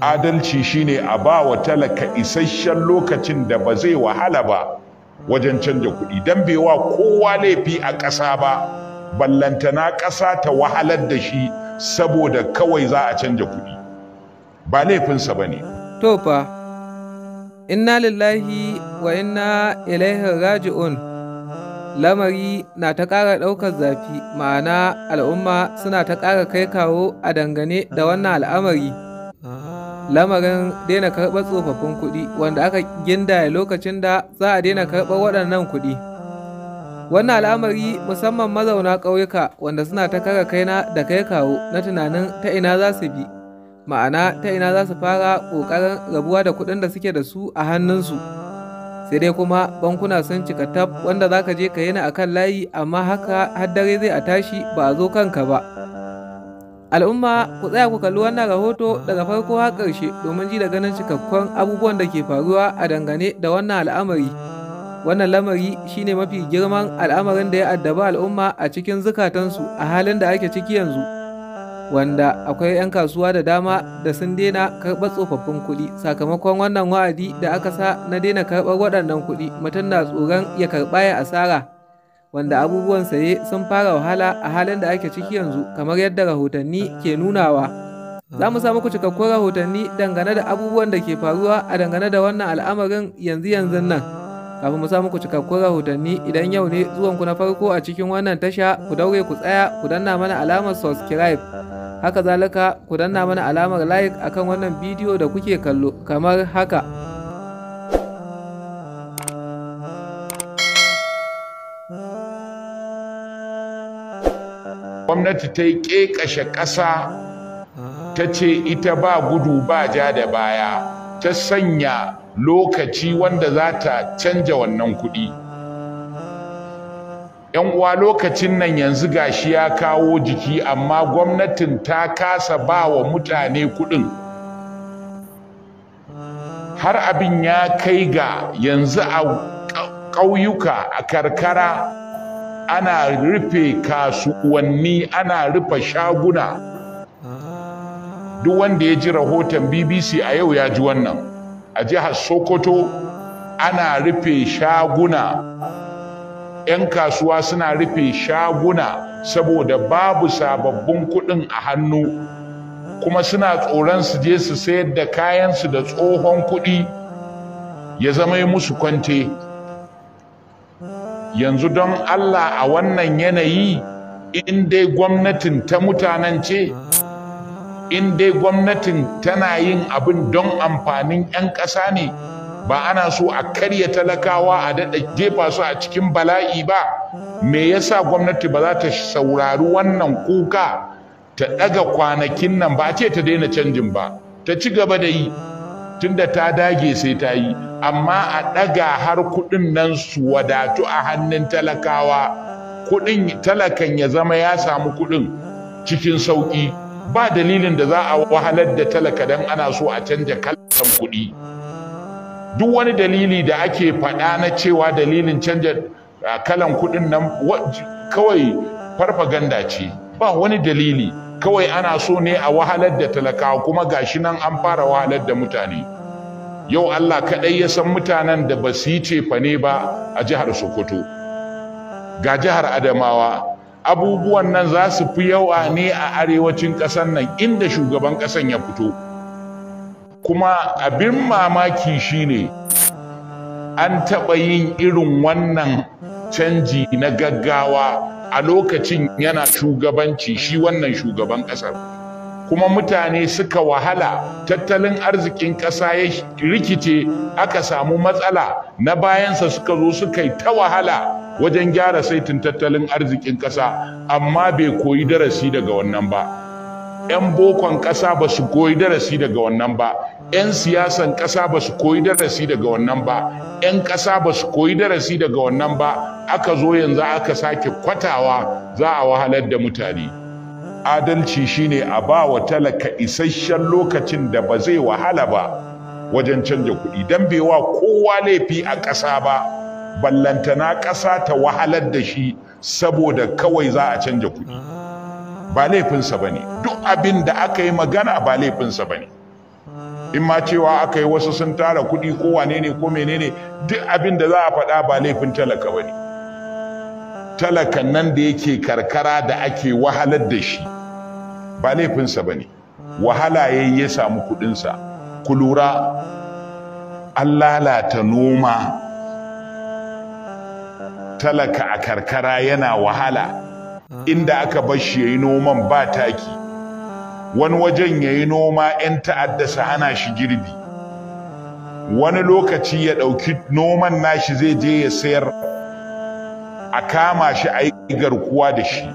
adalci shine a ba wa talaka isasshen lokacin da ba zai wahala ba wajen canja kuɗi don bai wa kowa laifi a ƙasa ba ballantana ƙasa ta wahalar da shi saboda kawai za a canja kuɗi ba laifinsa ba ne to fa inna lillahi wa inna ilaihi raji'un lamari na ta ƙara ɗaukar zafi ma'ana al'umma suna ta ƙara kai kawo a dangane da wannan al'amari lamarin daina karɓar tsofaffin kuɗi wanda aka gindaya lokacin da za a daina karɓar waɗannan kuɗi wannan al'amari musamman mazauna ƙauyuka wanda suna ta kara kaina da kai kawo na tunanin ta ina za su bi ma'ana ta ina za su fara ƙoƙarin rabuwa da kuɗin da suke da su a hannunsu sai dai kuma bankuna sun cika tab wanda za ka je ka yi na akan layi amma haka haddare zai a tashi ba a zo kanka ba Al'umma ku tsaya ku kalli wannan rahoto daga farko har ƙarshe domin ji da ganin cikakkun abubuwan da ke faruwa a dangane da wannan al'amari. Wannan lamari shine mafi girman al'amarin da ya addaba al'umma a cikin zukatansu a halin da ake ciki yanzu. Wanda akwai 'yan kasuwa da dama da sun daina karɓar tsofaffin kuɗi sakamakon wannan wa'adi da aka sa na daina karɓar waɗannan kuɗi mutum na tsoron ya karɓa ya asara. wanda abubuwan saye sun fara wahala a halin da ake ciki yanzu kamar yadda rahotanni ke nunawa. Za mu samu ku cikakkun rahotanni dangane da abubuwan da ke faruwa a dangane da wannan al'amarin yanzu yanzu nan. Kafin mu samu ku cikakkun rahotanni idan yau ne zuwan ku na farko a cikin wannan tasha ku daure ku tsaya ku danna mana alamar subscribe. Haka zalika ku danna mana alamar like akan wannan bidiyo da kuke kallo kamar haka. gwamnati ta yi ƙeƙashe ƙasa ta ce ita ba gudu ba ja da baya ta sanya lokaci wanda za ta canja wannan kuɗi yan uwa lokacin nan yanzu gashi ya kawo jiki amma gwamnatin ta kasa ba wa mutane kuɗin har abin ya kai ga yanzu a ƙauyuka a karkara ana rufe kasuwanni ana rufe shaguna duk wanda ya ji rahoton bbc a yau ya ji wannan a jihar sokoto ana rufe shaguna 'yan kasuwa suna rufe shaguna saboda babu sababbin kuɗin a hannu kuma suna tsoron su je su sayar da kayansu da tsohon kuɗi ya zama musu kwante. yanzu don Allah a wannan yanayi in dai gwamnatin ta mutanen ce in dai gwamnatin tana yin abin don amfanin 'yan ƙasa ne ba ana so a karya talakawa a daɗa jefa su a cikin bala'i ba me yasa gwamnati ba za ta saurari wannan kuka ta ɗaga kwanakin nan ba ce ta daina canjin ba ta ci gaba da yi tunda ta dage sai ta yi amma a ɗaga har kuɗin nan su wadatu a hannun talakawa kuɗin talakan ya zama ya samu kuɗin cikin sauƙi ba dalilin da za a wahalar da talaka don ana so a canja kallon kuɗi duk wani dalili da ake faɗa na cewa dalilin canja kalan kuɗin nan kawai farfaganda ce ba wani dalili kawai ana so ne a wahalar da talakawa kuma gashi nan an fara wahalar da mutane yau Allah kaɗai ya san mutanen da ba su yi cefane ba a jihar Sokoto ga jihar Adamawa abubuwan nan za su fi yawa ne a arewacin ƙasar nan inda shugaban ƙasan ya fito kuma abin mamaki shine an taɓa yin irin wannan canji na gaggawa a lokacin yana shugabanci shi wannan shugaban ƙasar kuma mutane suka wahala tattalin arzikin ƙasa ya rikice aka samu matsala na bayansa suka zo suka yi ta wahala wajen gyara saitin tattalin arzikin ƙasa amma bai koyi darasi daga wannan ba 'yan bokon ƙasa ba su koyi darasi daga wannan ba 'yan siyasan ƙasa ba su koyi darasi daga wannan ba 'yan ƙasa ba su koyi darasi daga wannan ba aka zo yanzu aka sake kwatawa za a wahalar da mutane adalci shine a ba wa talaka isasshen lokacin da ba zai wahala ba wajen canja kuɗi don bai kowa laifi a ƙasa ba ballantana ƙasa ta wahalar da shi saboda kawai za a canja kuɗi ba laifinsa ba ne duk abin da aka yi magana ba laifinsa ba ne in ma cewa aka yi wasu sun tara kuɗi ko wane ne ko menene duk abin da za a faɗa ba laifin talaka ba ne talakan nan da yake karkara da ake wahalar da shi ba laifinsa ba ne wahala ya ya samu kuɗinsa ku lura an lalata noma talaka a karkara yana wahala inda aka bar shi yayi noman ba taki wani wajen yayi noma 'yan ta'adda su hana shi girbi wani lokaci ya ɗauki noman nashi zai je ya sayar a kama shi a yi garkuwa da shi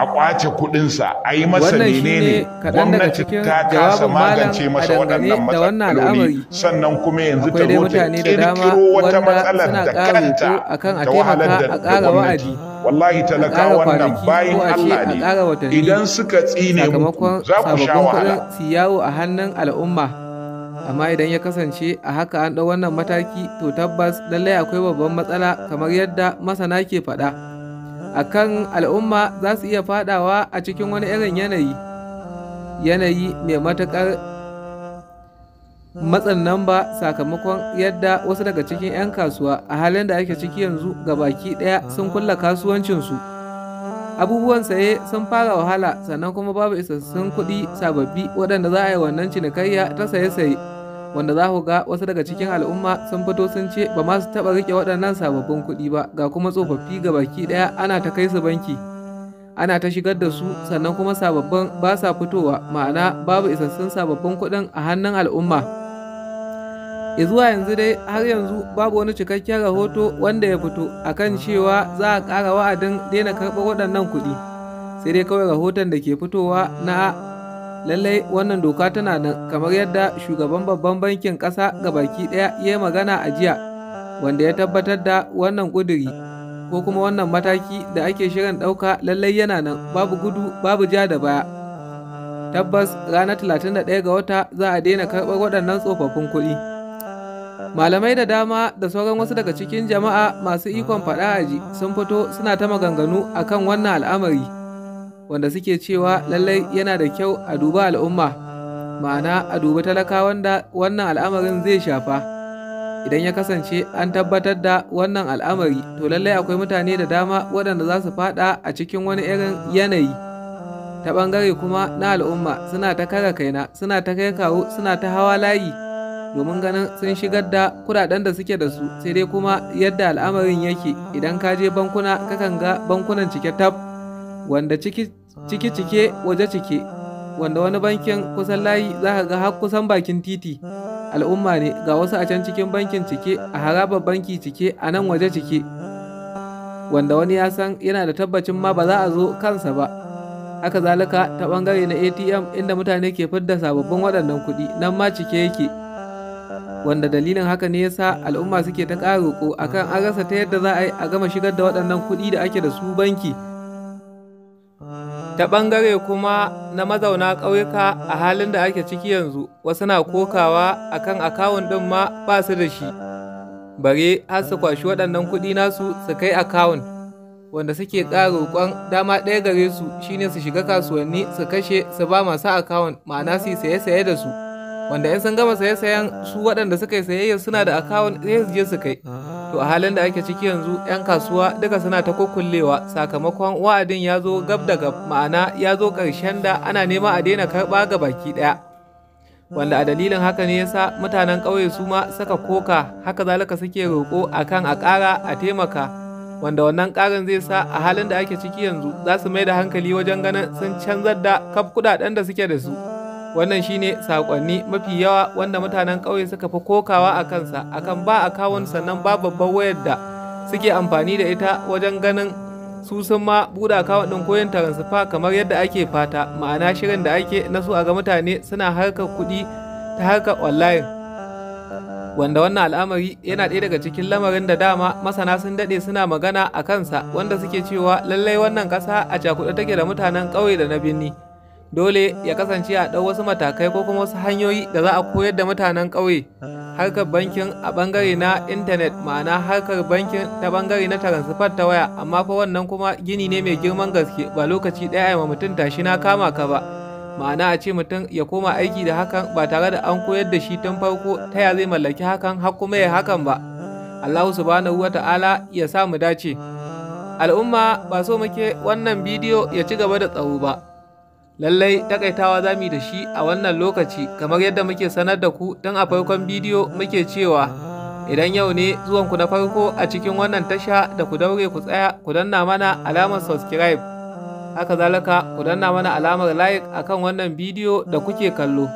a kwace kudinsa a yi masa ne gwamnati ta kasa magance masa waɗannan matsaloli sannan kuma yanzu ta zo ƙirƙiro wata matsalar da kanta ta wahalar da gwamnati wallahi talaka wannan bayin Allah ne idan suka tsine muku za ku sha wahala su yawo a hannun al'umma amma idan ya kasance a haka an ɗau wannan mataki to tabbas lallai akwai babban matsala kamar yadda masana ke faɗa. A kan al'umma za su iya fadawa a cikin wani irin yanayi yanayi mai matuƙar matsin ba sakamakon yadda wasu daga cikin 'yan kasuwa a halin da ake ciki yanzu ga baki ɗaya sun kulla kasuwancinsu abubuwan saye sun fara wahala sannan kuma babu isassun kuɗi sababbi waɗanda za a yi wannan cinikayya ta saye-saye wanda za ku ga wasu daga cikin al'umma sun fito sun ce ba ma su taɓa riƙe waɗannan sababbin kuɗi ba ga kuma tsofaffi ga baki ɗaya ana ta kai su banki ana ta shigar da su sannan kuma sababbin ba sa fitowa ma'ana babu isassun sababbin kuɗin a hannun al'umma zuwa yanzu dai har yanzu babu wani cikakken rahoto wanda ya fito a kan cewa za a ƙara wa'adin daina karɓar waɗannan kuɗi sai dai kawai rahoton da ke fitowa na lallai wannan doka tana nan kamar yadda shugaban babban bankin ƙasa ga baki ɗaya ya magana a jiya wanda ya tabbatar da wannan ƙuduri ko kuma wannan mataki da ake shirin ɗauka lallai yana nan babu gudu babu ja da baya tabbas ranar 31 ga wata za a daina karɓar waɗannan tsofaffin kuɗi malamai da dama da sauran wasu daga cikin jama'a masu ikon faɗa aji sun fito suna ta maganganu akan wannan al'amari wanda suke cewa lallai yana da kyau a duba al'umma ma'ana a duba talaka wanda wannan al'amarin zai shafa idan ya kasance an tabbatar da wannan al'amari to lallai akwai mutane da dama waɗanda za su faɗa a cikin wani irin yanayi ta ɓangare kuma na al'umma suna ta kara kaina suna ta kai kawo suna ta hawa layi domin ganin sun shigar da kudaden da suke da su sai dai kuma yadda al'amarin yake idan ka je bankuna kakan ga bankunan cike tab wanda ciki Ciki cike waje cike wanda wani bankin kusan layi za ka ga har kusan bakin titi al'umma ne ga wasu a can cikin bankin cike a harabar banki cike a nan waje cike wanda wani ya san yana da tabbacin ma ba za a zo kansa ba haka zalika ta bangare na atm inda mutane ke fidda sababbin waɗannan kuɗi nan ma cike yake wanda dalilin haka ne yasa al'umma suke ta ƙara roƙo akan an rasa ta yadda za a yi a gama shigar da waɗannan kuɗi da ake da su banki ta ɓangare kuma na mazauna ƙauyuka a halin da ake ciki yanzu wasu na kokawa akan akawun ɗin ma ba su da shi bare har su kwashi waɗannan kuɗi nasu su kai akawun wanda suke ƙara roƙon dama ɗaya gare su shine su shiga kasuwanni su kashe su ba masu akawun ma'ana su saye-saye da su wanda yan sun gama saye sayan su waɗanda suka yi sayayya suna da akawun sai su kai to a halin da ake ciki yanzu yan kasuwa duka suna ta kukullewa sakamakon wa'adin ya zo gab da gab ma'ana ya zo ƙarshen da ana nema a daina karɓa ga baki ɗaya wanda a dalilin haka ne yasa mutanen ƙauye su ma saka koka haka zalika suke roƙo akan a ƙara a taimaka wanda wannan ƙarin zai sa a halin da ake ciki yanzu za su mai da hankali wajen ganin sun canzar da kaf kuɗaɗen da suke da su wannan shine sakonni mafi yawa wanda mutanen ƙauye suka fi kokawa a kansa akan ba a kawon sannan ba babban wayar da suke amfani da ita wajen ganin su sun ma buɗe kawo ɗin koyon taransifa kamar yadda ake fata ma'ana shirin da ake na su a ga mutane suna harkar kuɗi ta harkar online wanda wannan al'amari yana ɗaya daga cikin lamarin da dama masana sun daɗe suna magana a kansa wanda suke cewa lallai wannan ƙasa a cakuɗe take da mutanen ƙauye da na birni. dole ya kasance a ɗau wasu matakai ko kuma wasu hanyoyi da za a koyar da mutanen ƙauye harkar bankin a bangare na intanet ma'ana harkar bankin ta bangare na taransifar ta waya amma fa wannan kuma gini ne mai girman gaske ba lokaci ɗaya ma mutum tashi na kama ka ba ma'ana a ce mutum ya koma aiki da hakan ba tare da an koyar da shi tun farko ta ya zai mallaki hakan har kuma ya hakan ba Allahu subhanahu wa ta'ala ya sa mu dace al'umma ba so muke wannan bidiyo ya ci gaba da tsawo ba lallai takaitawa za mu yi da shi a wannan lokaci kamar yadda muke sanar da ku tun a farkon bidiyo muke cewa idan yau ne zuwanku na farko a cikin wannan tasha da ku daure ku tsaya ku danna mana alamar subscribe haka zalika ku danna mana alamar like akan wannan bidiyo da kuke kallo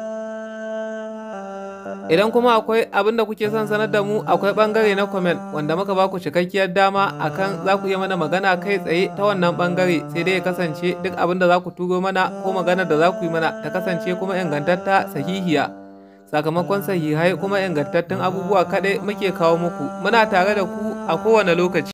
Idan kuma akwai abin da kuke son sanar da mu akwai bangare na comment wanda muka baku cikakkiyar dama akan za ku yi mana magana kai tsaye ta wannan bangare sai dai ya kasance duk abin da za ku turo mana ko maganar da za ku yi mana ta kasance kuma ingantatta sahihiya. Sakamakon sahihai kuma ingantattun abubuwa kaɗai muke kawo muku muna tare da ku a kowane lokaci.